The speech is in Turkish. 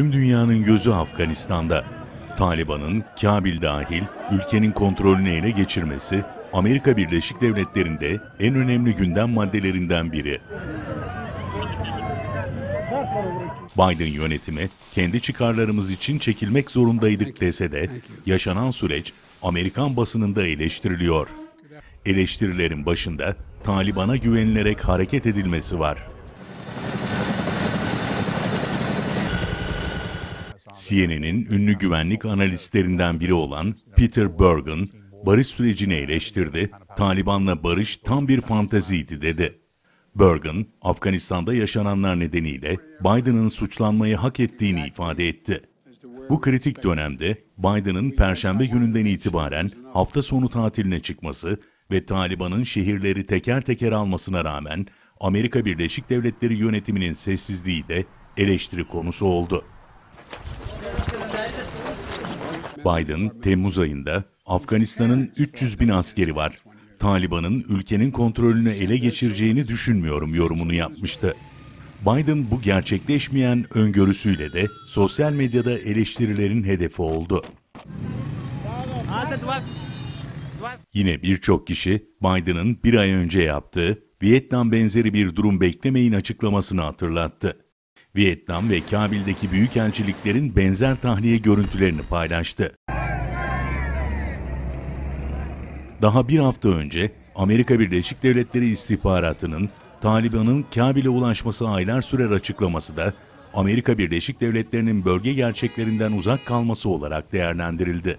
Tüm dünyanın gözü Afganistan'da. Taliban'ın Kabil dahil ülkenin kontrolünü ele geçirmesi Amerika Birleşik Devletleri'nde en önemli gündem maddelerinden biri. Biden yönetimi kendi çıkarlarımız için çekilmek zorundaydık dese de yaşanan süreç Amerikan basınında eleştiriliyor. Eleştirilerin başında Taliban'a güvenilerek hareket edilmesi var. CNN'in ünlü güvenlik analistlerinden biri olan Peter Bergen, barış sürecini eleştirdi, Taliban'la barış tam bir fanteziydi dedi. Bergen, Afganistan'da yaşananlar nedeniyle Biden'ın suçlanmayı hak ettiğini ifade etti. Bu kritik dönemde Biden'ın perşembe gününden itibaren hafta sonu tatiline çıkması ve Taliban'ın şehirleri teker teker almasına rağmen Amerika Birleşik Devletleri yönetiminin sessizliği de eleştiri konusu oldu. Biden, Temmuz ayında Afganistan'ın 300 bin askeri var. Taliban'ın ülkenin kontrolünü ele geçireceğini düşünmüyorum yorumunu yapmıştı. Biden bu gerçekleşmeyen öngörüsüyle de sosyal medyada eleştirilerin hedefi oldu. Yine birçok kişi Biden'ın bir ay önce yaptığı Vietnam benzeri bir durum beklemeyin açıklamasını hatırlattı. Vietnam ve Kabil'deki büyükelçiliklerin benzer tahliye görüntülerini paylaştı. Daha bir hafta önce Amerika Birleşik Devletleri istihbaratının Taliban'ın Kabil'e ulaşması aylar sürer açıklaması da Amerika Birleşik Devletleri'nin bölge gerçeklerinden uzak kalması olarak değerlendirildi.